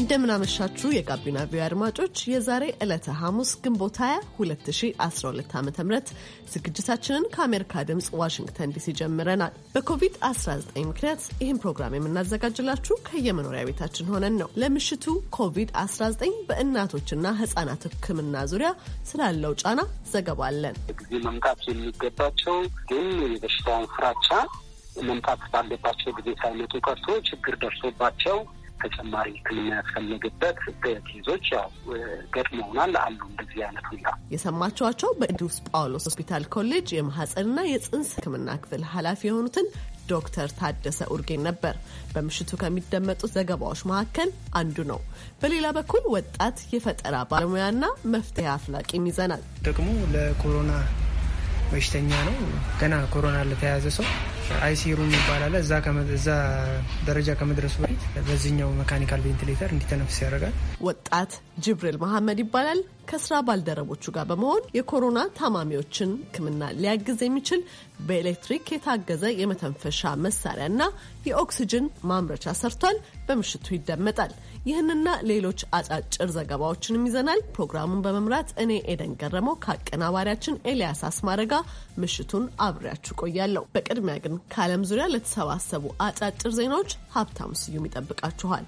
እንደምናመሻችሁ የጋቢና ቪኦኤ አድማጮች የዛሬ ዕለተ ሐሙስ ግንቦት 20 2012 ዓ ም ዝግጅታችንን ከአሜሪካ ድምፅ ዋሽንግተን ዲሲ ጀምረናል። በኮቪድ-19 ምክንያት ይህን ፕሮግራም የምናዘጋጅላችሁ ከየመኖሪያ ቤታችን ሆነን ነው። ለምሽቱ ኮቪድ-19 በእናቶችና ህፃናት ህክምና ዙሪያ ስላለው ጫና ዘገባ አለን። ጊዜ መምጣት የሚገባቸው ግን የበሽታውን ፍራቻ መምጣት ባለባቸው ጊዜ ሳይመጡ ቀርቶ ችግር ደርሶባቸው ተጨማሪ ሕክምና ያስፈለገበት ኬዞች ያው ገጥመውናል አሉ። እንደዚህ አይነት ሁኔታ የሰማችኋቸው በቅዱስ ጳውሎስ ሆስፒታል ኮሌጅ የማህፀንና የጽንስ ሕክምና ክፍል ኃላፊ የሆኑትን ዶክተር ታደሰ ኡርጌን ነበር። በምሽቱ ከሚደመጡት ዘገባዎች መካከል አንዱ ነው። በሌላ በኩል ወጣት የፈጠራ ባለሙያና መፍትሄ አፍላቂም ይዘናል። ደግሞ ለኮሮና በሽተኛ ነው። ገና ኮሮና ለተያያዘ ሰው አይሲሩ ይባላል። እዛ ደረጃ ከመድረሱ በፊት በዚህኛው መካኒካል ቬንቲሌተር እንዲተነፍስ ያደርጋል። ወጣት ጅብሪል መሐመድ ይባላል። ከስራ ባልደረቦቹ ጋር በመሆን የኮሮና ታማሚዎችን ሕክምና ሊያግዝ የሚችል በኤሌክትሪክ የታገዘ የመተንፈሻ መሳሪያና የኦክሲጅን ማምረቻ ሰርቷል። በምሽቱ ይደመጣል። ይህንና ሌሎች አጫጭር ዘገባዎችንም ይዘናል። ፕሮግራሙን በመምራት እኔ ኤደን ገረመው ከአቀናባሪያችን ኤልያስ አስማረጋ ምሽቱን አብሬያችሁ ቆያለሁ። በቅድሚያ ግን ከዓለም ዙሪያ ለተሰባሰቡ አጫጭር ዜናዎች ሀብታሙ ስዩም ይጠብቃችኋል።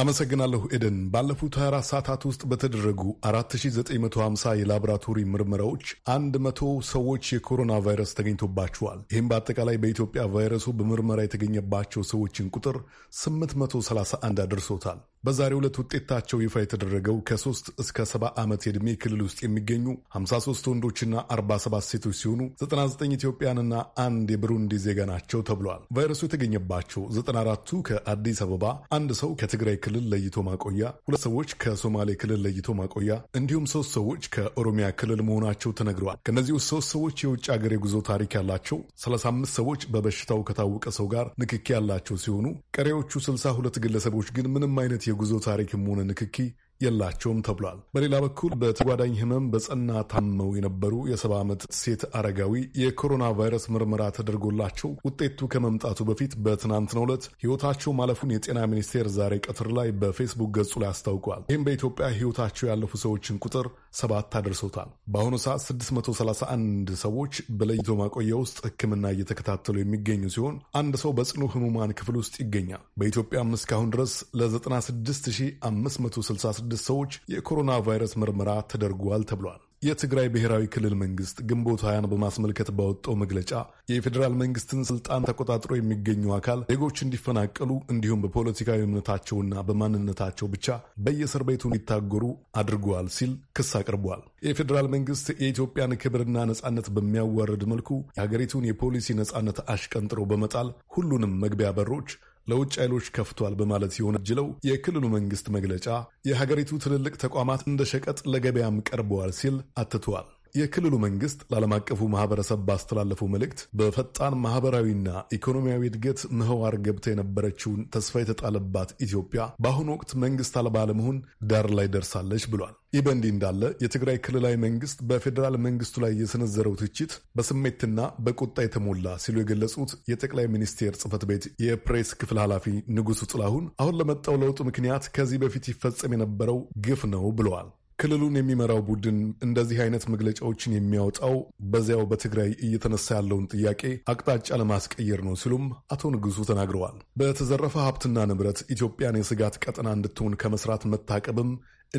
አመሰግናለሁ ኤደን። ባለፉት 24 ሰዓታት ውስጥ በተደረጉ 4950 የላቦራቶሪ ምርመራዎች 100 ሰዎች የኮሮና ቫይረስ ተገኝቶባቸዋል። ይህም በአጠቃላይ በኢትዮጵያ ቫይረሱ በምርመራ የተገኘባቸው ሰዎችን ቁጥር 831 አድርሶታል። በዛሬው ዕለት ውጤታቸው ይፋ የተደረገው ከሶስት እስከ ሰባ ዓመት የዕድሜ ክልል ውስጥ የሚገኙ 53 ወንዶችና 47 ሴቶች ሲሆኑ 99 ኢትዮጵያንና አንድ የብሩንዲ ዜጋ ናቸው ተብሏል። ቫይረሱ የተገኘባቸው 94ቱ ከአዲስ አበባ፣ አንድ ሰው ከትግራይ ክልል ለይቶ ማቆያ፣ ሁለት ሰዎች ከሶማሌ ክልል ለይቶ ማቆያ እንዲሁም ሶስት ሰዎች ከኦሮሚያ ክልል መሆናቸው ተነግረዋል። ከእነዚህ ውስጥ ሶስት ሰዎች የውጭ ሀገር የጉዞ ታሪክ ያላቸው፣ 35 ሰዎች በበሽታው ከታወቀ ሰው ጋር ንክኪ ያላቸው ሲሆኑ ቀሪዎቹ 62 ግለሰቦች ግን ምንም አይነት የጉዞ ታሪክም ሆነ ንክኪ የላቸውም ተብሏል። በሌላ በኩል በተጓዳኝ ህመም በጸና ታመው የነበሩ የሰባ ዓመት ሴት አረጋዊ የኮሮና ቫይረስ ምርመራ ተደርጎላቸው ውጤቱ ከመምጣቱ በፊት በትናንትናው ዕለት ህይወታቸው ማለፉን የጤና ሚኒስቴር ዛሬ ቀትር ላይ በፌስቡክ ገጹ ላይ አስታውቋል። ይህም በኢትዮጵያ ህይወታቸው ያለፉ ሰዎችን ቁጥር ሰባት አድርሶታል። በአሁኑ ሰዓት 631 ሰዎች በለይቶ ማቆያ ውስጥ ሕክምና እየተከታተሉ የሚገኙ ሲሆን አንድ ሰው በጽኑ ህሙማን ክፍል ውስጥ ይገኛል። በኢትዮጵያም እስካሁን ድረስ ለ96566 16 ሰዎች የኮሮና ቫይረስ ምርመራ ተደርጓል ተብሏል። የትግራይ ብሔራዊ ክልል መንግስት ግንቦት ሀያን በማስመልከት ባወጣው መግለጫ የፌዴራል መንግስትን ስልጣን ተቆጣጥሮ የሚገኙ አካል ዜጎች እንዲፈናቀሉ እንዲሁም በፖለቲካዊ እምነታቸውና በማንነታቸው ብቻ በየእስር ቤቱ እንዲታገሩ አድርገዋል ሲል ክስ አቅርቧል። የፌዴራል መንግስት የኢትዮጵያን ክብርና ነጻነት በሚያዋርድ መልኩ የሀገሪቱን የፖሊሲ ነጻነት አሽቀንጥሮ በመጣል ሁሉንም መግቢያ በሮች ለውጭ ኃይሎች ከፍቷል በማለት የወነጀለው የክልሉ መንግስት መግለጫ የሀገሪቱ ትልልቅ ተቋማት እንደ ሸቀጥ ለገበያም ቀርበዋል ሲል አትተዋል። የክልሉ መንግስት ለዓለም አቀፉ ማህበረሰብ ባስተላለፈው መልእክት በፈጣን ማህበራዊና ኢኮኖሚያዊ እድገት ምህዋር ገብታ የነበረችውን ተስፋ የተጣለባት ኢትዮጵያ በአሁኑ ወቅት መንግስት አልባ ለመሆን ዳር ላይ ደርሳለች ብሏል። ይህ በእንዲህ እንዳለ የትግራይ ክልላዊ መንግስት በፌዴራል መንግስቱ ላይ የሰነዘረው ትችት በስሜትና በቁጣ የተሞላ ሲሉ የገለጹት የጠቅላይ ሚኒስቴር ጽህፈት ቤት የፕሬስ ክፍል ኃላፊ ንጉሱ ጥላሁን አሁን ለመጣው ለውጥ ምክንያት ከዚህ በፊት ይፈጸም የነበረው ግፍ ነው ብለዋል። ክልሉን የሚመራው ቡድን እንደዚህ አይነት መግለጫዎችን የሚያወጣው በዚያው በትግራይ እየተነሳ ያለውን ጥያቄ አቅጣጫ ለማስቀየር ነው ሲሉም አቶ ንጉሱ ተናግረዋል። በተዘረፈ ሀብትና ንብረት ኢትዮጵያን የስጋት ቀጠና እንድትሆን ከመስራት መታቀብም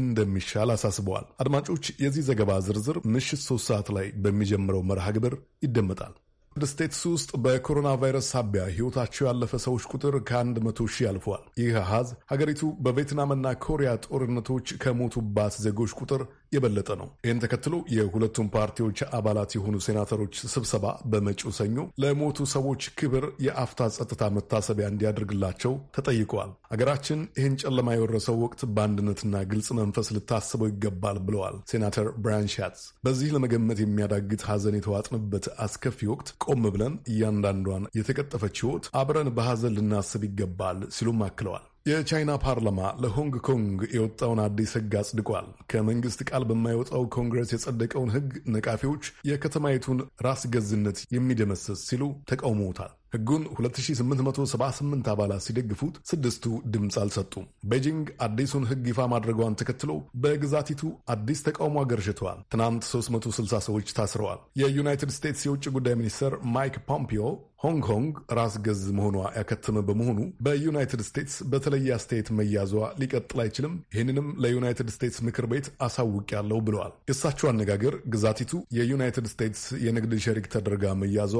እንደሚሻል አሳስበዋል። አድማጮች፣ የዚህ ዘገባ ዝርዝር ምሽት ሶስት ሰዓት ላይ በሚጀምረው መርሃ ግብር ይደመጣል። ዩናይትድ ስቴትስ ውስጥ በኮሮና ቫይረስ ሳቢያ ሕይወታቸው ያለፈ ሰዎች ቁጥር ከአንድ መቶ ሺህ አልፏል። ይህ አሃዝ ሀገሪቱ በቬትናምና ኮሪያ ጦርነቶች ከሞቱባት ዜጎች ቁጥር የበለጠ ነው። ይህን ተከትሎ የሁለቱም ፓርቲዎች አባላት የሆኑ ሴናተሮች ስብሰባ በመጪው ሰኞ ለሞቱ ሰዎች ክብር የአፍታ ጸጥታ መታሰቢያ እንዲያደርግላቸው ተጠይቀዋል። አገራችን ይህን ጨለማ የወረሰው ወቅት በአንድነትና ግልጽ መንፈስ ልታስበው ይገባል ብለዋል ሴናተር ብራያን ሻትዝ። በዚህ ለመገመት የሚያዳግት ሐዘን የተዋጥንበት አስከፊ ወቅት ቆም ብለን እያንዳንዷን የተቀጠፈች ሕይወት አብረን በሐዘን ልናስብ ይገባል ሲሉም አክለዋል። የቻይና ፓርላማ ለሆንግ ኮንግ የወጣውን አዲስ ህግ አጽድቋል። ከመንግስት ቃል በማይወጣው ኮንግረስ የጸደቀውን ሕግ ነቃፊዎች የከተማይቱን ራስ ገዝነት የሚደመስስ ሲሉ ተቃውመውታል። ህጉን 2878 አባላት ሲደግፉት ስድስቱ ድምፅ አልሰጡም። ቤጂንግ አዲሱን ሕግ ይፋ ማድረጓን ተከትሎ በግዛቲቱ አዲስ ተቃውሞ አገርሽተዋል። ትናንት 360 ሰዎች ታስረዋል። የዩናይትድ ስቴትስ የውጭ ጉዳይ ሚኒስትር ማይክ ፖምፒዮ ሆንግ ኮንግ ራስ ገዝ መሆኗ ያከተመ በመሆኑ በዩናይትድ ስቴትስ በተለየ አስተያየት መያዟ ሊቀጥል አይችልም፣ ይህንንም ለዩናይትድ ስቴትስ ምክር ቤት አሳውቃለሁ ብለዋል። የእሳቸው አነጋገር ግዛቲቱ የዩናይትድ ስቴትስ የንግድ ሸሪክ ተደርጋ መያዟ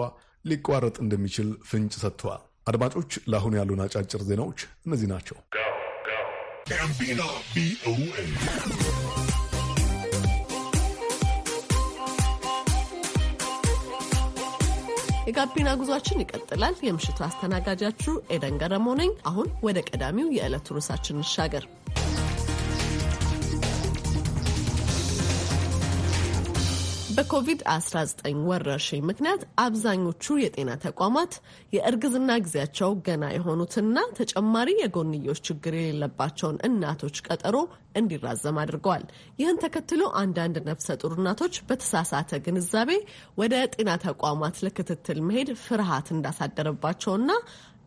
ሊቋረጥ እንደሚችል ፍንጭ ሰጥተዋል። አድማጮች፣ ለአሁን ያሉን አጫጭር ዜናዎች እነዚህ ናቸው። የጋቢና ጉዟችን ይቀጥላል። የምሽቱ አስተናጋጃችሁ ኤደን ገረሞ ነኝ። አሁን ወደ ቀዳሚው የዕለቱ ርዕሳችን እንሻገር። በኮቪድ-19 ወረርሽኝ ምክንያት አብዛኞቹ የጤና ተቋማት የእርግዝና ጊዜያቸው ገና የሆኑትና ተጨማሪ የጎንዮሽ ችግር የሌለባቸውን እናቶች ቀጠሮ እንዲራዘም አድርገዋል። ይህን ተከትሎ አንዳንድ ነፍሰ ጡር እናቶች በተሳሳተ ግንዛቤ ወደ ጤና ተቋማት ለክትትል መሄድ ፍርሃት እንዳሳደረባቸውና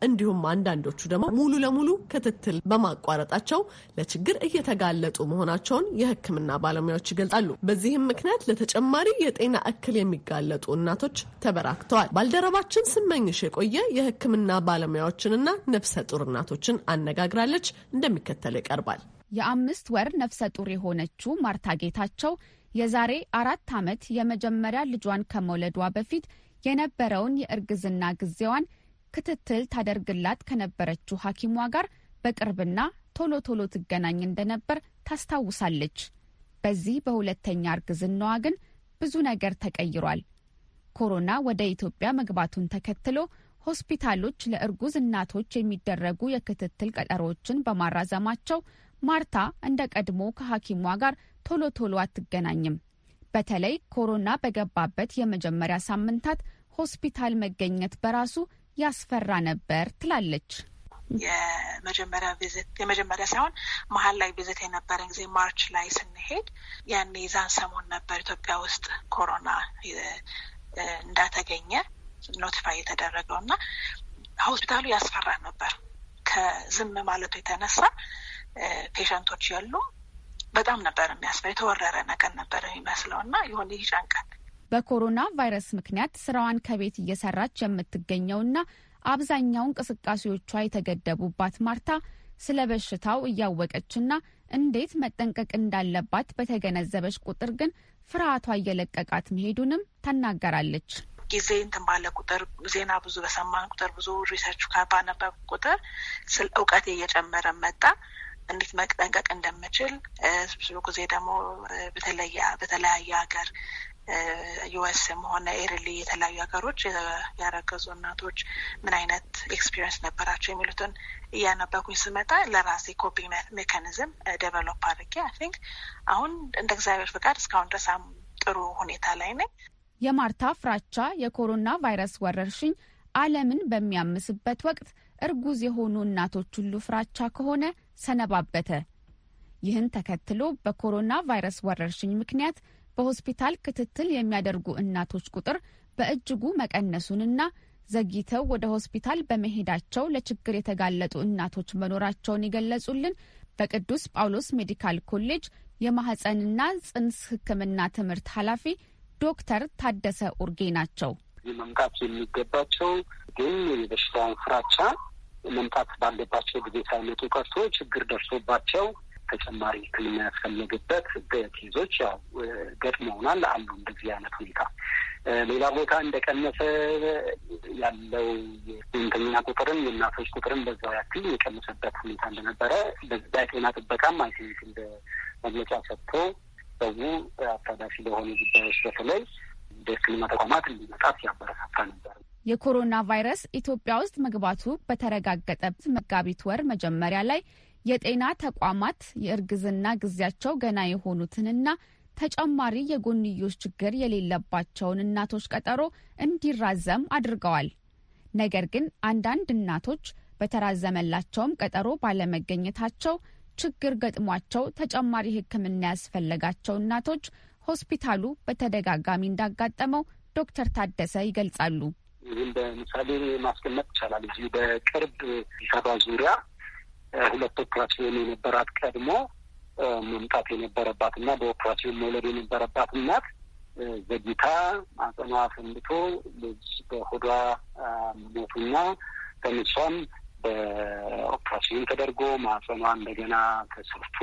እንዲሁም አንዳንዶቹ ደግሞ ሙሉ ለሙሉ ክትትል በማቋረጣቸው ለችግር እየተጋለጡ መሆናቸውን የሕክምና ባለሙያዎች ይገልጻሉ። በዚህም ምክንያት ለተጨማሪ የጤና እክል የሚጋለጡ እናቶች ተበራክተዋል። ባልደረባችን ስመኝሽ የቆየ የሕክምና ባለሙያዎችንና ነፍሰ ጡር እናቶችን አነጋግራለች። እንደሚከተለው ይቀርባል። የአምስት ወር ነፍሰ ጡር የሆነችው ማርታ ጌታቸው የዛሬ አራት ዓመት የመጀመሪያ ልጇን ከመውለዷ በፊት የነበረውን የእርግዝና ጊዜዋን ክትትል ታደርግላት ከነበረችው ሐኪሟ ጋር በቅርብና ቶሎ ቶሎ ትገናኝ እንደነበር ታስታውሳለች። በዚህ በሁለተኛ እርግዝናዋ ግን ብዙ ነገር ተቀይሯል። ኮሮና ወደ ኢትዮጵያ መግባቱን ተከትሎ ሆስፒታሎች ለእርጉዝ እናቶች የሚደረጉ የክትትል ቀጠሮዎችን በማራዘማቸው ማርታ እንደ ቀድሞ ከሐኪሟ ጋር ቶሎ ቶሎ አትገናኝም። በተለይ ኮሮና በገባበት የመጀመሪያ ሳምንታት ሆስፒታል መገኘት በራሱ ያስፈራ ነበር ትላለች። የመጀመሪያ ቪዝት የመጀመሪያ ሳይሆን መሀል ላይ ቪዝት የነበረ ጊዜ ማርች ላይ ስንሄድ ያኔ የዛን ሰሞን ነበር ኢትዮጵያ ውስጥ ኮሮና እንዳተገኘ ኖቲፋይ የተደረገው እና ሆስፒታሉ ያስፈራ ነበር። ከዝም ማለቱ የተነሳ ፔሸንቶች ያሉ በጣም ነበር የሚያስፈራ የተወረረ ነገር ነበር የሚመስለው እና የሆነ ይህ ጨንቀት በኮሮና ቫይረስ ምክንያት ስራዋን ከቤት እየሰራች የምትገኘውና አብዛኛው እንቅስቃሴዎቿ የተገደቡባት ማርታ ስለ በሽታው እያወቀችና እንዴት መጠንቀቅ እንዳለባት በተገነዘበች ቁጥር ግን ፍርሃቷ እየለቀቃት መሄዱንም ተናገራለች። ጊዜ እንትን ባለ ቁጥር ዜና ብዙ በሰማን ቁጥር ብዙ ሪሰርች ባነበብ ቁጥር ስለ እውቀቴ እየጨመረ መጣ። እንዴት መጠንቀቅ እንደምችል ብዙ ጊዜ ደግሞ በተለያየ ሀገር ዩኤስም ሆነ ኤርሊ የተለያዩ ሀገሮች ያረገዙ እናቶች ምን አይነት ኤክስፒሪየንስ ነበራቸው የሚሉትን እያነበኩኝ ስመጣ ለራሴ ኮፒንግ ሜካኒዝም ዴቨሎፕ አድርጌ አይ ቲንክ አሁን እንደ እግዚአብሔር ፍቃድ እስካሁን ድረስ ጥሩ ሁኔታ ላይ ነኝ። የማርታ ፍራቻ የኮሮና ቫይረስ ወረርሽኝ ዓለምን በሚያምስበት ወቅት እርጉዝ የሆኑ እናቶች ሁሉ ፍራቻ ከሆነ ሰነባበተ። ይህን ተከትሎ በኮሮና ቫይረስ ወረርሽኝ ምክንያት በሆስፒታል ክትትል የሚያደርጉ እናቶች ቁጥር በእጅጉ መቀነሱንና ዘግይተው ወደ ሆስፒታል በመሄዳቸው ለችግር የተጋለጡ እናቶች መኖራቸውን ይገለጹልን። በቅዱስ ጳውሎስ ሜዲካል ኮሌጅ የማህፀንና ጽንስ ሕክምና ትምህርት ኃላፊ ዶክተር ታደሰ ኡርጌ ናቸው። መምጣት የሚገባቸው ግን የበሽታውን ፍራቻ መምጣት ባለባቸው ጊዜ ሳይመጡ ቀርቶ ችግር ደርሶባቸው ተጨማሪ ሕክምና ያስፈለገበት ኬዞች ያው ገጥመውናል አሉ። እንደዚህ አይነት ሁኔታ ሌላ ቦታ እንደቀነሰ ያለው የህመምተኛ ቁጥርም የእናቶች ቁጥርም በዛው ያክል የቀነሰበት ሁኔታ እንደነበረ በዛ የጤና ጥበቃም አይ ቲንክ እንደ መግለጫ ሰጥቶ ሰው አታዳፊ ለሆኑ ጉዳዮች በተለይ ወደ ተቋማት እንዲመጣ ሲያበረታታ ነበር። የኮሮና ቫይረስ ኢትዮጵያ ውስጥ መግባቱ በተረጋገጠበት መጋቢት ወር መጀመሪያ ላይ የጤና ተቋማት የእርግዝና ጊዜያቸው ገና የሆኑትንና ተጨማሪ የጎንዮሽ ችግር የሌለባቸውን እናቶች ቀጠሮ እንዲራዘም አድርገዋል። ነገር ግን አንዳንድ እናቶች በተራዘመላቸውም ቀጠሮ ባለመገኘታቸው ችግር ገጥሟቸው ተጨማሪ ሕክምና ያስፈለጋቸው እናቶች ሆስፒታሉ በተደጋጋሚ እንዳጋጠመው ዶክተር ታደሰ ይገልጻሉ። ይህም በምሳሌ ማስቀመጥ ይቻላል። እዚህ በቅርብ ሰባ ዙሪያ ሁለት ኦፕራሲዮን የነበራት ቀድሞ መምጣት የነበረባት እና በኦፕራሲዮን መውለድ የነበረባት እናት ዘግይታ ማህጸኗ ፈንድቶ ልጅ በሆዷ ሞቱና ተንሷም በኦፕራሲዮን ተደርጎ ማህጸኗ እንደገና ተሰርቶ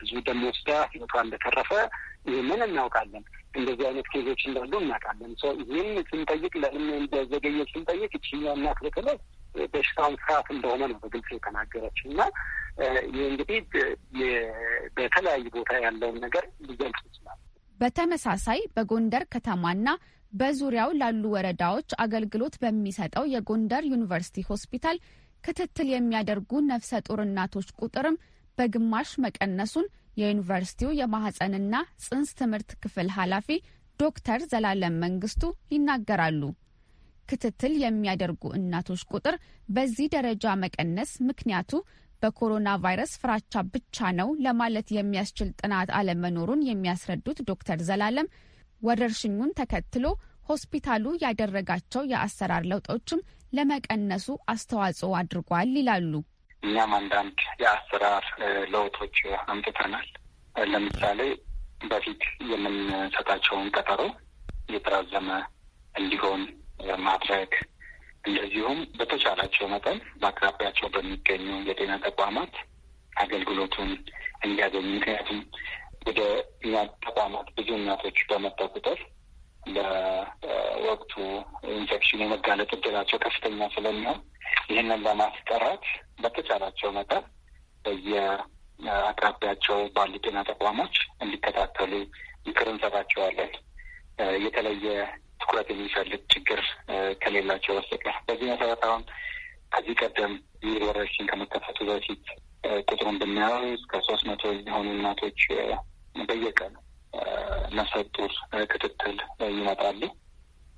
ብዙ ደም ወስዳ ህይወቷ እንደተረፈ ይህንን እናውቃለን። እንደዚህ አይነት ኬዞች እንዳሉ እናውቃለን። ይህን ስንጠይቅ ለእም እንደዘገየ ስንጠይቅ ይችኛ እናት በተለይ በሽታውን ስርዓት እንደሆነ ነው በግልጽ የተናገረችው እና ይህ እንግዲህ በተለያዩ ቦታ ያለውን ነገር ሊገልጽ ይችላል። በተመሳሳይ በጎንደር ከተማና በዙሪያው ላሉ ወረዳዎች አገልግሎት በሚሰጠው የጎንደር ዩኒቨርሲቲ ሆስፒታል ክትትል የሚያደርጉ ነፍሰ ጡር እናቶች ቁጥርም በግማሽ መቀነሱን የዩኒቨርሲቲው የማህፀንና ጽንስ ትምህርት ክፍል ኃላፊ ዶክተር ዘላለም መንግስቱ ይናገራሉ። ክትትል የሚያደርጉ እናቶች ቁጥር በዚህ ደረጃ መቀነስ ምክንያቱ በኮሮና ቫይረስ ፍራቻ ብቻ ነው ለማለት የሚያስችል ጥናት አለመኖሩን የሚያስረዱት ዶክተር ዘላለም ወረርሽኙን ተከትሎ ሆስፒታሉ ያደረጋቸው የአሰራር ለውጦችም ለመቀነሱ አስተዋጽኦ አድርጓል ይላሉ። እኛም አንዳንድ የአሰራር ለውጦች አምጥተናል። ለምሳሌ በፊት የምንሰጣቸውን ቀጠሮ የተራዘመ እንዲሆን ማድረግ እንደዚሁም በተቻላቸው መጠን በአቅራቢያቸው በሚገኙ የጤና ተቋማት አገልግሎቱን እንዲያገኙ ምክንያቱም ወደ እኛ ተቋማት ብዙ እናቶች በመጣ ቁጥር በወቅቱ ኢንፌክሽን የመጋለጥ እድላቸው ከፍተኛ ስለሚሆን ይህንን ለማስጠራት በተቻላቸው መጠን በየአቅራቢያቸው ባሉ ጤና ተቋሞች እንዲከታተሉ ምክር እንሰጣቸዋለን። የተለየ ትኩረት የሚፈልግ ችግር ከሌላቸው በስተቀር በዚህ መሰረት አሁን ከዚህ ቀደም ይህ ወረርሽኝ በፊት ቁጥሩን ብናየው እስከ ሶስት መቶ የሆኑ እናቶች በየቀን ነፍሰ ጡር ክትትል ይመጣሉ።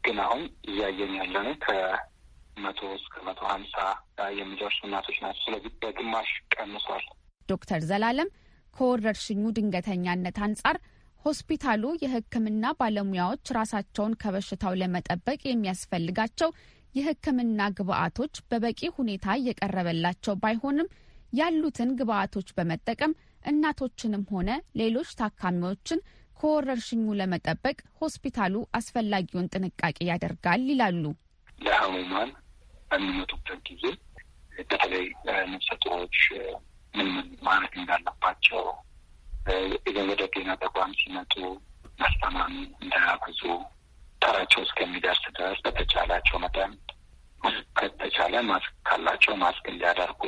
ግን አሁን እያየን ያለ ነው ከመቶ እስከ መቶ ሀምሳ የሚደርሱ እናቶች ናቸው። ስለዚህ በግማሽ ቀንሷል። ዶክተር ዘላለም ከወረርሽኙ ድንገተኛነት አንጻር ሆስፒታሉ የሕክምና ባለሙያዎች ራሳቸውን ከበሽታው ለመጠበቅ የሚያስፈልጋቸው የሕክምና ግብአቶች በበቂ ሁኔታ እየቀረበላቸው ባይሆንም ያሉትን ግብአቶች በመጠቀም እናቶችንም ሆነ ሌሎች ታካሚዎችን ከወረርሽኙ ለመጠበቅ ሆስፒታሉ አስፈላጊውን ጥንቃቄ ያደርጋል ይላሉ። ለህሙማን በሚመጡበት ጊዜ በተለይ ነፍሰ ጡሮች ምን ምን ማድረግ እንዳለባቸው ወደ ጤና ተቋም ሲመጡ አስተማሚ እንዳያብዙ ተራቸው እስከሚደርስ ድረስ በተቻላቸው መጠን ከተቻለ ማስክ ካላቸው ማስክ እንዲያደርጉ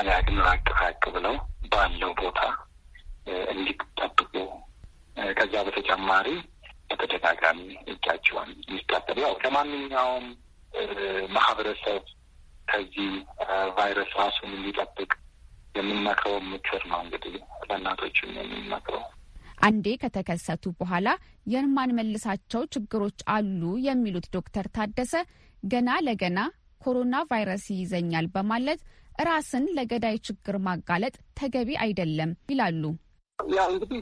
አሊያ ግን ራቅ ራቅ ብለው ባለው ቦታ እንዲጠብቁ። ከዛ በተጨማሪ በተደጋጋሚ እጃቸውን እንዲታጠቡ ያው ለማንኛውም ማህበረሰብ ከዚህ ቫይረስ ራሱን እንዲጠብቅ የምንመክረው ምክር ነው እንግዲህ ለእናቶችም የምንመክረው አንዴ ከተከሰቱ በኋላ የማንመልሳቸው ችግሮች አሉ የሚሉት ዶክተር ታደሰ ገና ለገና ኮሮና ቫይረስ ይይዘኛል በማለት ራስን ለገዳይ ችግር ማጋለጥ ተገቢ አይደለም ይላሉ። ያ እንግዲህ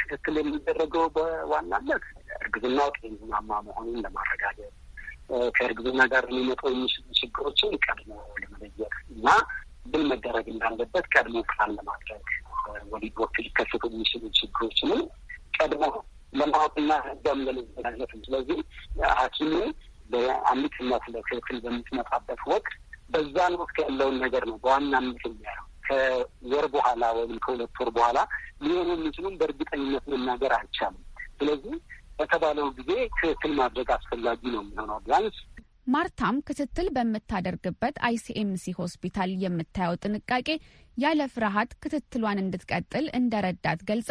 ትክክል የሚደረገው በዋናነት እርግዝናው ጤናማ መሆኑን ለማረጋገጥ ከእርግዝና ጋር ሊመጡ የሚችሉ ችግሮችን ቀድሞ ለመለየት እና ምን መደረግ እንዳለበት ቀድሞ ፕላን ለማድረግ ወሊዶቹ ሊከሰቱ የሚችሉ ችግሮችንም ቀድሞ ለማወቅና ህጋም ለመዘጋጀት ስለዚህ ሐኪሙ በአሚትነት ለክትትል በምትመጣበት ወቅት በዛን ወቅት ያለውን ነገር ነው ምት የሚያየው። ከወር በኋላ ወይም ከሁለት ወር በኋላ ሊሆኑ የሚችሉም በእርግጠኝነት መናገር አይቻልም። ስለዚህ በተባለው ጊዜ ክትትል ማድረግ አስፈላጊ ነው የሚሆነው ቢያንስ ማርታም ክትትል በምታደርግበት አይሲኤምሲ ሆስፒታል የምታየው ጥንቃቄ ያለ ፍርሃት ክትትሏን እንድትቀጥል እንደረዳት ገልጻ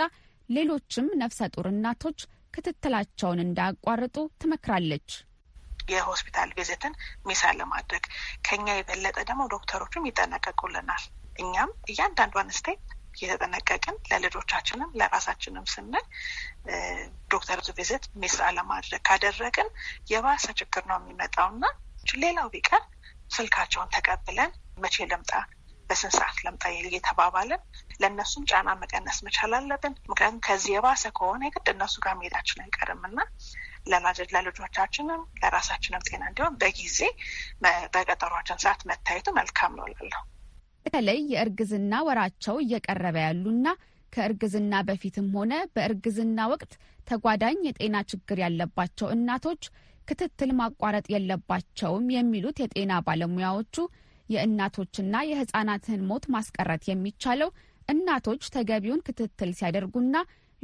ሌሎችም ነፍሰ ጡር እናቶች ክትትላቸውን እንዳያቋርጡ ትመክራለች። የሆስፒታል ቪዚትን ሚሳ ለማድረግ ከኛ የበለጠ ደግሞ ዶክተሮችም ይጠነቀቁልናል። እኛም እያንዳንዷን ስቴፕ እየተጠነቀቅን ለልጆቻችንም ለራሳችንም ስንል ዶክተር ቪዝት ሚስ አለማድረግ ካደረግን የባሰ ችግር ነው የሚመጣውና ሌላው ቢቀር ስልካቸውን ተቀብለን መቼ ልምጣ በስንት ሰዓት ልምጣ እየተባባልን ለእነሱም ጫና መቀነስ መቻል አለብን። ምክንያቱም ከዚህ የባሰ ከሆነ የግድ እነሱ ጋር መሄዳችን አይቀርም እና ለልጆቻችንም ለራሳችንም ጤና እንዲሆን በጊዜ በቀጠሯችን ሰዓት መታየቱ መልካም ነው እላለሁ። በተለይ የእርግዝና ወራቸው እየቀረበ ያሉና ከእርግዝና በፊትም ሆነ በእርግዝና ወቅት ተጓዳኝ የጤና ችግር ያለባቸው እናቶች ክትትል ማቋረጥ የለባቸውም የሚሉት የጤና ባለሙያዎቹ የእናቶችና የሕፃናትን ሞት ማስቀረት የሚቻለው እናቶች ተገቢውን ክትትል ሲያደርጉና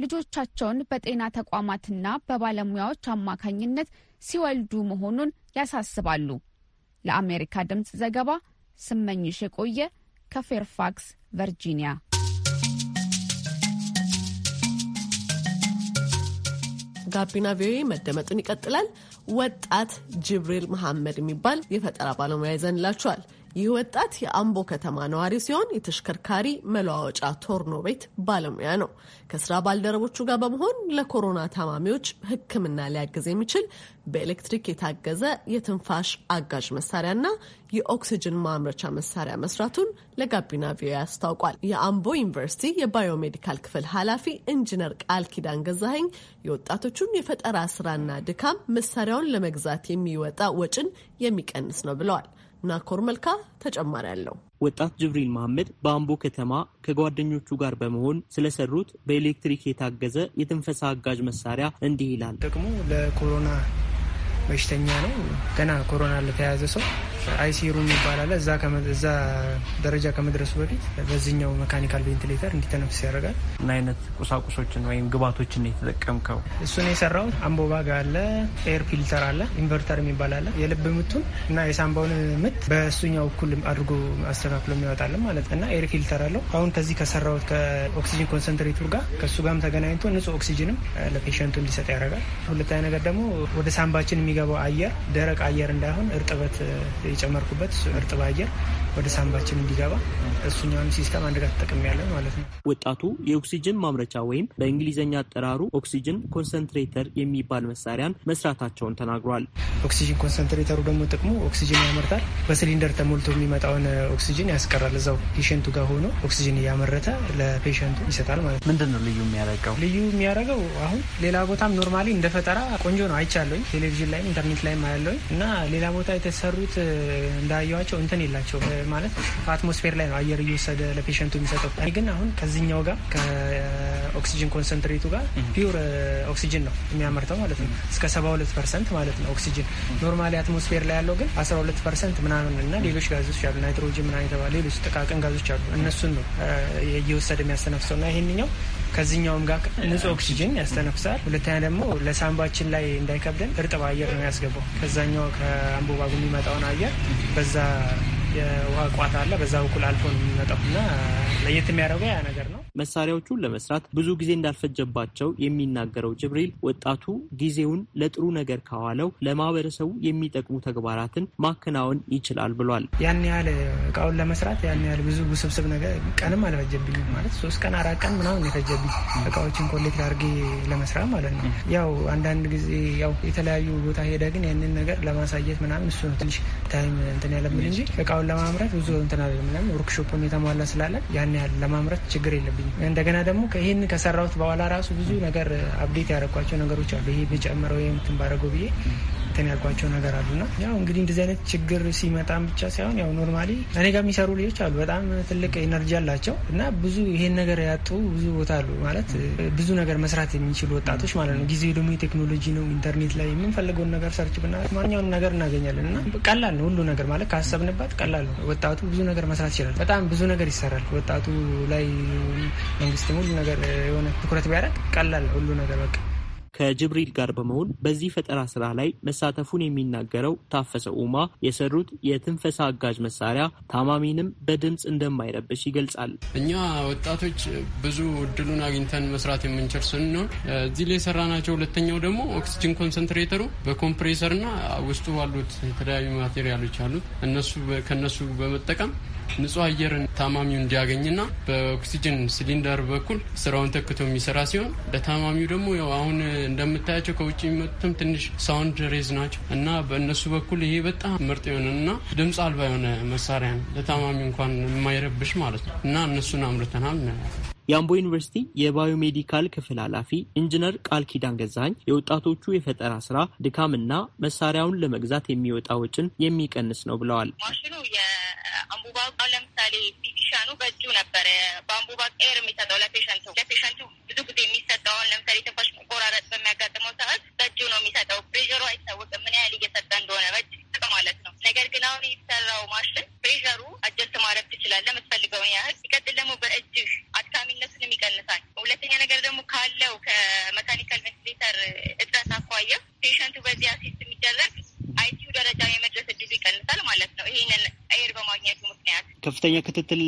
ልጆቻቸውን በጤና ተቋማትና በባለሙያዎች አማካኝነት ሲወልዱ መሆኑን ያሳስባሉ። ለአሜሪካ ድምፅ ዘገባ ስመኝሽ የቆየ ከፌርፋክስ ቨርጂኒያ። ጋቢና ቪኦኤ መደመጡን ይቀጥላል። ወጣት ጅብሪል መሐመድ የሚባል የፈጠራ ባለሙያ ይዘንላችኋል። ይህ ወጣት የአምቦ ከተማ ነዋሪ ሲሆን የተሽከርካሪ መለዋወጫ ቶርኖ ቤት ባለሙያ ነው። ከስራ ባልደረቦቹ ጋር በመሆን ለኮሮና ታማሚዎች ሕክምና ሊያግዝ የሚችል በኤሌክትሪክ የታገዘ የትንፋሽ አጋዥ መሳሪያና የኦክሲጅን ማምረቻ መሳሪያ መስራቱን ለጋቢና ቪዮ አስታውቋል። የአምቦ ዩኒቨርሲቲ የባዮሜዲካል ክፍል ኃላፊ ኢንጂነር ቃል ኪዳን ገዛኸኝ የወጣቶቹን የፈጠራ ስራና ድካም መሳሪያውን ለመግዛት የሚወጣ ወጪን የሚቀንስ ነው ብለዋል። ናኮር መልካ ተጨማሪ አለው። ወጣት ጅብሪል መሐመድ በአምቦ ከተማ ከጓደኞቹ ጋር በመሆን ስለሰሩት በኤሌክትሪክ የታገዘ የትንፈሳ አጋዥ መሳሪያ እንዲህ ይላል። ደግሞ ለኮሮና በሽተኛ ነው። ገና ኮሮና ለተያዘ ሰው አይሲሩ ይባላል። እዛ እዛ ደረጃ ከመድረሱ በፊት በዚህኛው መካኒካል ቬንቲሌተር እንዲተነፍስ ያደርጋል። ምን አይነት ቁሳቁሶችን ወይም ግባቶችን ነው የተጠቀምከው? እሱን የሰራው አምቦባግ አለ፣ ኤር ፊልተር አለ፣ ኢንቨርተር የሚባል አለ። የልብ ምቱን እና የሳምባውን ምት በእሱኛው እኩል አድርጎ አስተካክሎ የሚያወጣለን ማለት እና ኤር ፊልተር አለው። አሁን ከዚህ ከሰራውት ከኦክሲጅን ኮንሰንትሬቱር ጋር ከእሱ ጋርም ተገናኝቶ ንጹህ ኦክሲጅንም ለፔሽንቱ እንዲሰጥ ያደርጋል። ሁለተኛ ነገር ደግሞ ወደ ሳምባችን የሚ የሚገባው አየር ደረቅ አየር እንዳይሆን እርጥበት የጨመርኩበት እርጥብ አየር ወደ ሳንባችን እንዲገባ እሱኛውን ሲስተም አንድ ጋር ተጠቅም ያለ ማለት ነው። ወጣቱ የኦክሲጅን ማምረቻ ወይም በእንግሊዝኛ አጠራሩ ኦክሲጅን ኮንሰንትሬተር የሚባል መሳሪያን መስራታቸውን ተናግሯል። ኦክሲጅን ኮንሰንትሬተሩ ደግሞ ጥቅሙ ኦክሲጅን ያመርታል። በሲሊንደር ተሞልቶ የሚመጣውን ኦክሲጅን ያስቀራል። እዛው ፔሽንቱ ጋር ሆኖ ኦክሲጅን እያመረተ ለፔሸንቱ ይሰጣል ማለት ነው። ምንድን ነው ልዩ የሚያደርገው? ልዩ የሚያደርገው አሁን ሌላ ቦታም ኖርማሊ እንደፈጠራ ቆንጆ ነው አይቻለኝ ቴሌቪዥን ላይ ኢንተርኔት ላይ ማያለውኝ እና ሌላ ቦታ የተሰሩት እንዳየዋቸው እንትን የላቸው ማለት ከአትሞስፌር ላይ ነው አየር እየወሰደ ለፔሸንቱ የሚሰጠው። እኔ ግን አሁን ከዚህኛው ጋር ከኦክሲጅን ኮንሰንትሬቱ ጋር ፒውር ኦክሲጅን ነው የሚያመርተው ማለት ነው እስከ 72 ፐርሰንት ማለት ነው ኦክሲጅን። ኖርማሊ አትሞስፌር ላይ ያለው ግን 12 ፐርሰንት ምናምን እና ሌሎች ጋዞች አሉ ናይትሮጂን ምናምን የተባሉ ሌሎች ጥቃቅን ጋዞች አሉ እነሱን ነው እየወሰደ የሚያስተነፍሰው እና ይሄንኛው ከዚህኛውም ጋር ንጹህ ኦክሲጅን ያስተነፍሳል። ሁለተኛ ደግሞ ለሳንባችን ላይ እንዳይከብደን እርጥብ አየር ነው ያስገባው። ከዛኛው ከአንቦባጉ የሚመጣውን አየር በዛ የውሃ ቋት አለ በዛ በኩል አልፎ ነው የሚመጣው እና ለየት የሚያደርገው ያ ነገር ነው። መሳሪያዎቹን ለመስራት ብዙ ጊዜ እንዳልፈጀባቸው የሚናገረው ጅብሪል ወጣቱ ጊዜውን ለጥሩ ነገር ካዋለው ለማህበረሰቡ የሚጠቅሙ ተግባራትን ማከናወን ይችላል ብሏል። ያን ያህል እቃውን ለመስራት ያን ያህል ብዙ ውስብስብ ነገር ቀንም አልፈጀብኝ ማለት ሶስት ቀን አራት ቀን ምናምን የፈጀብኝ እቃዎችን ኮሌክት አድርጌ ለመስራት ማለት ነው። ያው አንዳንድ ጊዜ ያው የተለያዩ ቦታ ሄደ ግን ያንን ነገር ለማሳየት ምናምን እሱ ነው ትንሽ ታይም እንትን ያለብን እንጂ እቃውን ለማምረት ብዙ እንትን አለ ምናምን ወርክሾፕም የተሟላ ስላለን ያን ያህል ለማምረት ችግር የለብኝ እንደገና ደግሞ ይህን ከሰራሁት በኋላ ራሱ ብዙ ነገር አብዴት uh, ያደረኳቸው ነገሮች አሉ። ይሄ ብጨምረው ይሄ እንትን ብዬ እንትን ያልኳቸው ነገር አሉና ያው እንግዲህ እንደዚህ አይነት ችግር ሲመጣም ብቻ ሳይሆን ያው ኖርማሊ እኔ ጋር የሚሰሩ ልጆች አሉ። በጣም ትልቅ ኤነርጂ አላቸው እና ብዙ ይሄን ነገር ያጡ ብዙ ቦታ አሉ ማለት ብዙ ነገር መስራት የሚችሉ ወጣቶች ማለት ነው። ጊዜ ደግሞ የቴክኖሎጂ ነው። ኢንተርኔት ላይ የምንፈልገውን ነገር ሰርች ብና ማንኛውንም ነገር እናገኛለን እና ቀላል ነው ሁሉ ነገር ማለት ካሰብንባት ቀላል ነው። ወጣቱ ብዙ ነገር መስራት ይችላል። በጣም ብዙ ነገር ይሰራል። ወጣቱ ላይ መንግስትም ሁሉ ነገር የሆነ ትኩረት ቢያደርግ ቀላል ነው ሁሉ ነገር በቃ ከጅብሪል ጋር በመሆን በዚህ ፈጠራ ስራ ላይ መሳተፉን የሚናገረው ታፈሰ ኡማ የሰሩት የትንፈሳ አጋዥ መሳሪያ ታማሚንም በድምፅ እንደማይረብሽ ይገልጻል። እኛ ወጣቶች ብዙ እድሉን አግኝተን መስራት የምንችል ስንሆን እዚህ ላይ የሰራናቸው ሁለተኛው ደግሞ ኦክስጅን ኮንሰንትሬተሩ በኮምፕሬሰርና ውስጡ ባሉት የተለያዩ ማቴሪያሎች አሉት እነሱ ከነሱ በመጠቀም ንጹህ አየርን ታማሚው እንዲያገኝና በኦክሲጅን ሲሊንደር በኩል ስራውን ተክቶ የሚሰራ ሲሆን ለታማሚው ደግሞ ያው አሁን እንደምታያቸው ከውጭ የሚመጡትም ትንሽ ሳውንድ ሬዝ ናቸው እና በእነሱ በኩል ይሄ በጣም ምርጥ የሆነ እና ድምፅ አልባ የሆነ መሳሪያ ነው ለታማሚ እንኳን የማይረብሽ ማለት ነው እና እነሱን አምርተናል። የአምቦ ዩኒቨርሲቲ የባዮሜዲካል ክፍል ኃላፊ ኢንጂነር ቃል ኪዳን ገዛኝ የወጣቶቹ የፈጠራ ስራ ድካምና መሳሪያውን ለመግዛት የሚወጣ ወጭን የሚቀንስ ነው ብለዋል። ማሽኑ አምቡባ ለምሳሌ ፊዚሻኑ በእጁ ነበረ በአምቡባ ኤር የሚሰጠው ለፔሸንቱ ለፔሸንቱ ብዙ ጊዜ የሚሰጠውን ለምሳሌ ትንፋሽ መቆራረጥ በሚያጋጥመው ሰዓት በእጁ ነው የሚሰጠው። ፕሬሩ አይታወቅም ምን ያህል እየሰጠ እንደሆነ በእጅ ማለት ነው። ነገር ግን አሁን የተሰራው ማሽን ፕሬሩ አጀስት ማድረግ ትችላለህ የምትፈልገውን ያህል። ሲቀጥል ደግሞ በእጅ አድካሚነቱን ይቀንሳል። ሁለተኛ ነገር ደግሞ ካለው ከመካኒካል ቬንትሌተር እጥረት አኳያ ፔሸንቱ በዚህ አሲስት የሚደረግ አይሲዩ ደረጃ የመድረስ እድሉ ይቀንሳል ማለት ነው። ይህንን ከፍተኛ ክትትል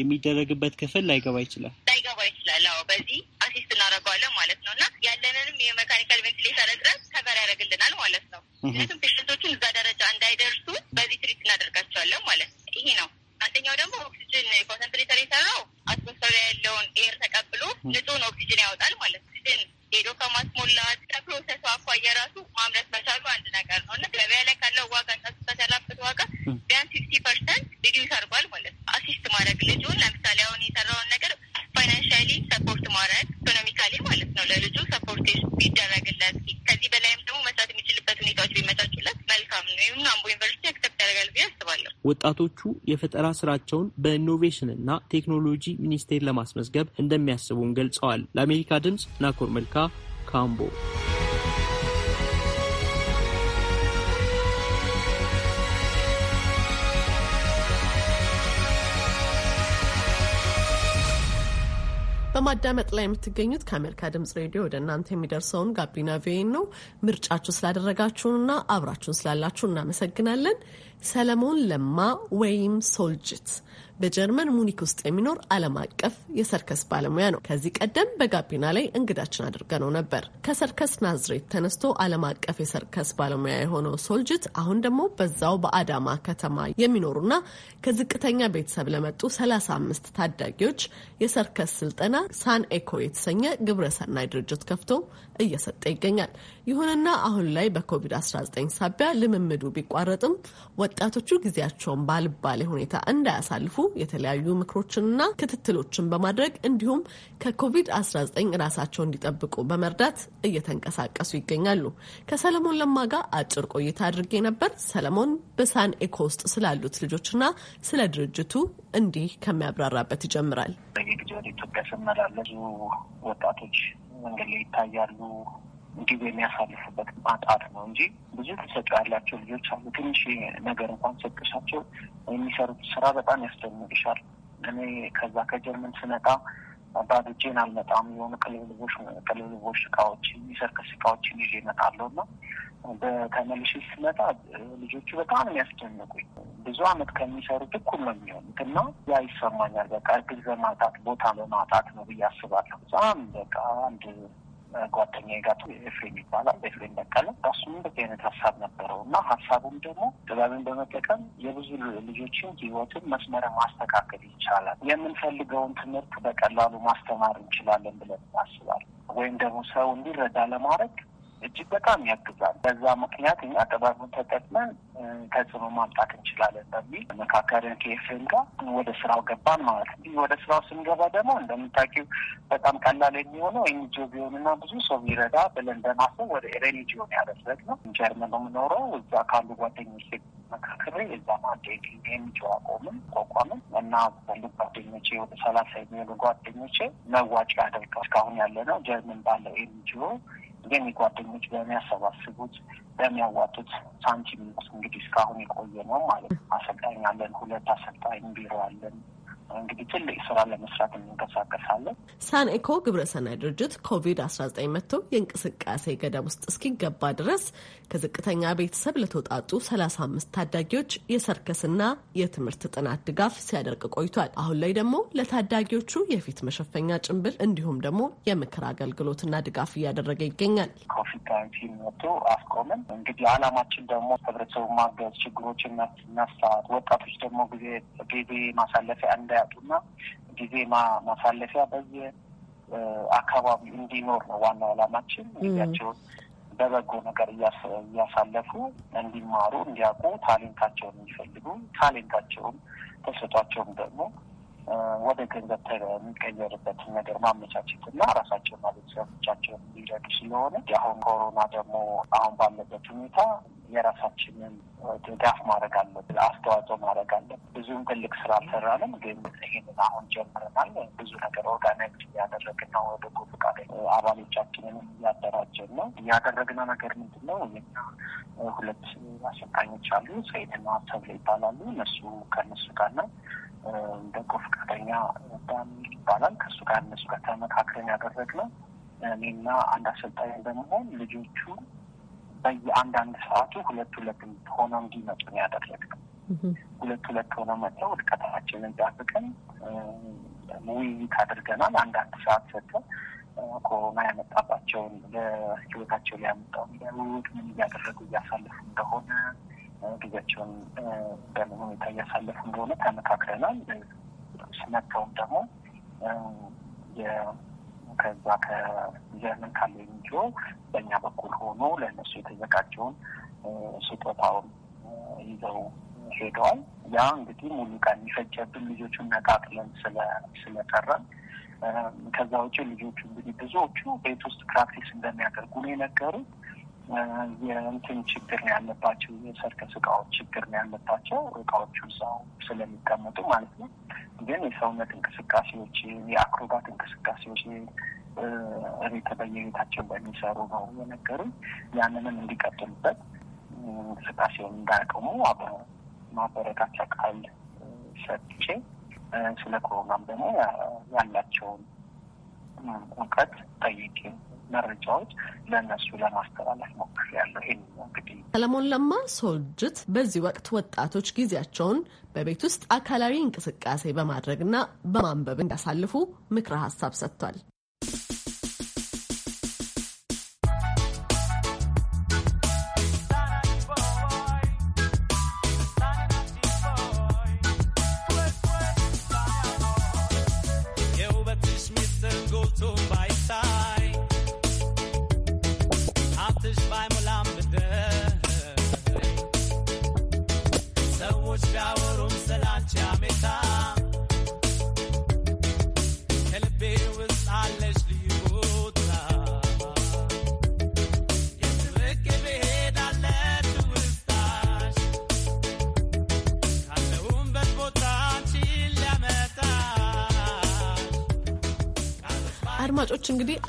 የሚደረግበት ክፍል ላይገባ ይችላል ላይገባ ይችላል። አዎ በዚህ አሲስት እናደርገዋለን ማለት ነው እና ያለንንም የመካኒካል ቬንትሌተር እጥረት ከበር ያደርግልናል ማለት ነው። ምክንያቱም ፔሽንቶቹን እዛ ደረጃ እንዳይደርሱ በዚህ ትሪት እናደርጋቸዋለን ማለት ነው። ይሄ ነው። አንደኛው ደግሞ ኦክሲጅን ኮንሰንትሬተር የሰራው አትሞስፌር ያለውን ኤር ተቀብሎ ንጹህን ኦክሲጅን ያወጣል ማለት ኦክሲጅን ሄዶ ከማስሞላት ከፕሮሰሱ አኳያ ራሱ ማምረት መቻሉ አንድ ነገር ነው እና ገበያ ላይ ካለው ዋጋ ተሰራበት ዋጋ ቢያንስ ሲክስቲ ፐርሰንት ሪዲዩስ አድርጓል ማለት ነው። አሲስት ማድረግ ልጁን ለምሳሌ አሁን የሰራውን ነገር ፋይናንሻሊ ሰፖርት ማድረግ ኢኮኖሚካሊ ማለት ነው ለልጁ ሰፖርት ቢደረግለት ከዚህ በላይም ደግሞ መስራት የሚችልበት ሁኔታዎች ቢመቻችለት መልካም ነው። ይሁን አምቦ ዩኒቨርሲቲ አክሰፕት ያደርጋል ብዬ አስባለሁ። ወጣቶቹ የፈጠራ ስራቸውን በኢኖቬሽንና ቴክኖሎጂ ሚኒስቴር ለማስመዝገብ እንደሚያስቡን ገልጸዋል። ለአሜሪካ ድምፅ ናኮር መልካ ካምቦ በማዳመጥ ላይ የምትገኙት ከአሜሪካ ድምጽ ሬዲዮ ወደ እናንተ የሚደርሰውን ጋቢና ቪኦኤ ነው። ምርጫችሁ ስላደረጋችሁንና አብራችሁን ስላላችሁ እናመሰግናለን። ሰለሞን ለማ ወይም ሶልጅት በጀርመን ሙኒክ ውስጥ የሚኖር ዓለም አቀፍ የሰርከስ ባለሙያ ነው። ከዚህ ቀደም በጋቢና ላይ እንግዳችን አድርገነው ነበር። ከሰርከስ ናዝሬት ተነስቶ ዓለም አቀፍ የሰርከስ ባለሙያ የሆነው ሶልጅት አሁን ደግሞ በዛው በአዳማ ከተማ የሚኖሩና ከዝቅተኛ ቤተሰብ ለመጡ 35 ታዳጊዎች የሰርከስ ስልጠና ሳን ኤኮ የተሰኘ ግብረሰናይ ድርጅት ከፍቶ እየሰጠ ይገኛል። ይሁንና አሁን ላይ በኮቪድ-19 ሳቢያ ልምምዱ ቢቋረጥም ወጣቶቹ ጊዜያቸውን ባልባሌ ሁኔታ እንዳያሳልፉ የተለያዩ ምክሮችንና ክትትሎችን በማድረግ እንዲሁም ከኮቪድ-19 ራሳቸው እንዲጠብቁ በመርዳት እየተንቀሳቀሱ ይገኛሉ። ከሰለሞን ለማ ጋር አጭር ቆይታ አድርጌ ነበር። ሰለሞን በሳን ኤኮ ውስጥ ስላሉት ልጆችና ስለ ድርጅቱ እንዲህ ከሚያብራራበት ይጀምራል። በየጊዜ ወደ ኢትዮጵያ ብዙ ወጣቶች መንገድ ላይ ይታያሉ ጊዜ የሚያሳልፉበት ማጣት ነው እንጂ ብዙ ተሰጥኦ ያላቸው ልጆች አሉ። ትንሽ ነገር እንኳን ሰጥሻቸው የሚሰሩት ስራ በጣም ያስደንቅሻል። እኔ ከዛ ከጀርመን ስመጣ ባዶ እጄን አልመጣም። የሆኑ ቅልብልቦች ቅልብልቦች እቃዎች የሰርከስ እቃዎችን ይዤ እመጣለሁ እና በተመልሼ ስመጣ ልጆቹ በጣም የሚያስደንቁኝ ብዙ አመት ከሚሰሩት እኩል ነው የሚሆኑት እና ያ ይሰማኛል። በቃ እርግዝ በማጣት ቦታ በማጣት ነው ብዬ አስባለሁ። በጣም በቃ አንድ ጓደኛ ጋቱ ኤፍሬም ይባላል ኤፍሬም በቀለ እሱ እንደዚህ አይነት ሀሳብ ነበረው እና ሀሳቡም ደግሞ ጥበብን በመጠቀም የብዙ ልጆችን ህይወትን መስመር ማስተካከል ይቻላል። የምንፈልገውን ትምህርት በቀላሉ ማስተማር እንችላለን ብለን እናስባለን። ወይም ደግሞ ሰው እንዲረዳ ለማድረግ እጅግ በጣም ያግዛል። በዛ ምክንያት እኛ ጥበቡን ተጠቅመን ተጽዕኖ ማምጣት እንችላለን በሚል መካከልን ኬፍን ጋር ወደ ስራው ገባን ማለት ነው። ወደ ስራው ስንገባ ደግሞ እንደምታውቂው በጣም ቀላል የሚሆነው ኤንጂኦ ቢሆንና ብዙ ሰው ቢረዳ ብለን በማሰብ ወደ ያደረግ ነው። ጀርመን የምኖረው እዛ ካሉ ጓደኞች መካከል እዛ ማደግ ኤንጂኦ አቆምን ቋቋምን እና ያሉ ጓደኞቼ ወደ ሰላሳ የሚሆኑ ጓደኞቼ መዋጭ ያደርጋል። እስካሁን ያለነው ጀርመን ባለው ኤንጂኦ የኔ ጓደኞች በሚያሰባስቡት በሚያዋጡት ሳንቲም እንግዲህ እስካሁን የቆየ ነው ማለት አሰልጣኝ አለን፣ ሁለት አሰልጣኝ ቢሮ አለን እንግዲህ ትልቅ ስራ ለመስራት እንንቀሳቀሳለን። ሳንኤኮ ግብረሰናይ ድርጅት ኮቪድ አስራ ዘጠኝ መጥቶ የእንቅስቃሴ ገደብ ውስጥ እስኪገባ ድረስ ከዝቅተኛ ቤተሰብ ለተውጣጡ ሰላሳ አምስት ታዳጊዎች የሰርከስና የትምህርት ጥናት ድጋፍ ሲያደርግ ቆይቷል። አሁን ላይ ደግሞ ለታዳጊዎቹ የፊት መሸፈኛ ጭንብል፣ እንዲሁም ደግሞ የምክር አገልግሎትና ድጋፍ እያደረገ ይገኛል። ኮቪድ መጥቶ አስቆመን። እንግዲህ አላማችን ደግሞ ህብረተሰቡ ማገዝ፣ ችግሮችን መፍታት፣ ወጣቶች ደግሞ ጊዜ ጊዜ ማሳለፊያ እንደ ያጡና ጊዜ ማሳለፊያ በየ አካባቢ እንዲኖር ነው ዋና ዓላማችን። ጊዜያቸውን በበጎ ነገር እያሳለፉ እንዲማሩ፣ እንዲያውቁ፣ ታሌንታቸውን እንዲፈልጉ ታሌንታቸውን ተሰጧቸውም ደግሞ ወደ ገንዘብ የሚቀየርበትን ነገር ማመቻቸት እና ራሳቸውና ቤተሰቦቻቸውን ሊረዱ ስለሆነ አሁን ኮሮና ደግሞ አሁን ባለበት ሁኔታ የራሳችንን ድጋፍ ማድረግ አለብን፣ አስተዋጽኦ ማድረግ አለብን። ብዙም ትልቅ ስራ አልሰራንም፣ ግን ይህንን አሁን ጀምረናል። ብዙ ነገር ኦርጋናይዝ እያደረግን ነው። ወደ ጎብቃ አባሎቻችንንም እያደራጀን ነው። እያደረግነው ነገር ምንድን ነው? ሁለት አሰልጣኞች አሉ፣ ሰይድና ተብሎ ይባላሉ። እነሱ ከነሱ ጋር ነው በጎ ፈቃደኛ ዳሚል ይባላል። ከእሱ ጋር እነሱ ጋር ተመካክረን ያደረግነው እኔና አንድ አሰልጣኝ በመሆን ልጆቹ በየአንዳንድ ሰዓቱ ሁለት ሁለት ሆነው እንዲመጡ ያደረግነው ሁለት ሁለት ሆነው መጥተው እርቀታችንን ጠብቀን ውይይት አድርገናል። አንዳንድ ሰዓት ሰጥተን ኮሮና ያመጣባቸውን በህይወታቸው ላይ ለውጥ ምን እያደረጉ እያሳለፉ እንደሆነ ጊዜያቸውን በምን ሁኔታ እያሳለፉ እንደሆነ ተመካክረናል። ስመጥተውም ደግሞ ከዛ ከጀርመን ካለ ኤንጂኦ በእኛ በኩል ሆኖ ለእነሱ የተዘጋጀውን ስጦታውን ይዘው ሄደዋል። ያ እንግዲህ ሙሉ ቀን የሚፈጀብን ልጆቹን ነቃቅለን ስለቀረን ከዛ ውጭ ልጆቹ እንግዲህ ብዙዎቹ ቤት ውስጥ ፕራክቲስ እንደሚያደርጉ ነው የነገሩ የእንትን ችግር ነው ያለባቸው፣ የሰርከስ እቃዎች ችግር ነው ያለባቸው። እቃዎቹ እዛው ስለሚቀመጡ ማለት ነው። ግን የሰውነት እንቅስቃሴዎች፣ የአክሮባት እንቅስቃሴዎች በየቤታቸው በሚሰሩ ነው የነገሩ። ያንንም እንዲቀጥሉበት እንቅስቃሴውን እንዳያቀሙ ማበረታቻ ቃል ሰጥቼ ስለ ኮሮናም ደግሞ ያላቸውን እውቀት ጠይቄ መረጃዎች ለእነሱ ለማስተላለፍ ሞክር ያለው ይህን እንግዲህ ሰለሞን ለማ ሶልጅት በዚህ ወቅት ወጣቶች ጊዜያቸውን በቤት ውስጥ አካላዊ እንቅስቃሴ በማድረግና በማንበብ እንዳሳልፉ ምክረ ሀሳብ ሰጥቷል።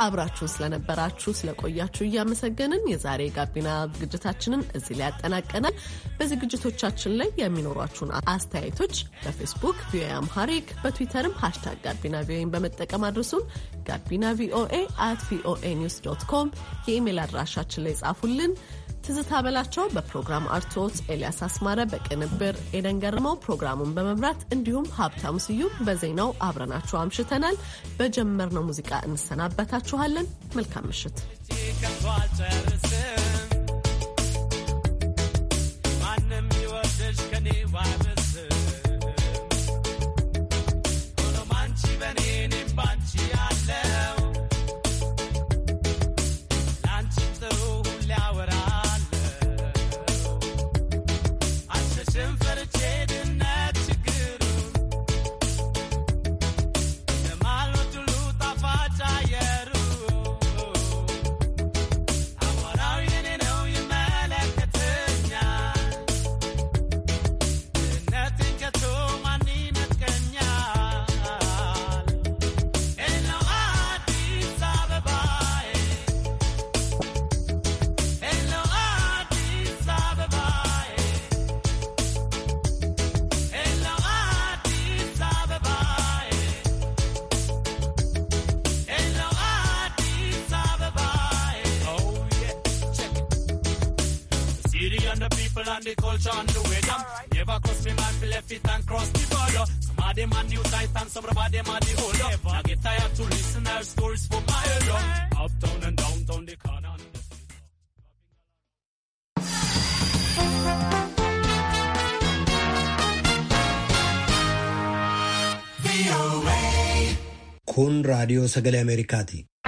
አብራችሁን ስለነበራችሁ ስለቆያችሁ እያመሰገንን የዛሬ ጋቢና ዝግጅታችንን እዚህ ላይ ያጠናቀናል። በዝግጅቶቻችን ላይ የሚኖሯችሁን አስተያየቶች በፌስቡክ ቪኦኤ አምሃሪክ በትዊተርም ሃሽታግ ጋቢና ቪኦኤን በመጠቀም አድርሱን። ጋቢና ቪኦኤ አት ቪኦኤ ኒውስ ዶት ኮም የኢሜይል አድራሻችን ላይ ጻፉልን። ትዝታ በላቸው በፕሮግራም አርቶት ኤልያስ አስማረ በቅንብር፣ ኤደን ገርመው ፕሮግራሙን በመምራት እንዲሁም ሀብታሙ ስዩም በዜናው አብረናችሁ አምሽተናል። በጀመርነው ሙዚቃ እንሰናበታችኋለን። መልካም ምሽት። ማንም ይወደሽ ከኔ sagalee Ameerikaati.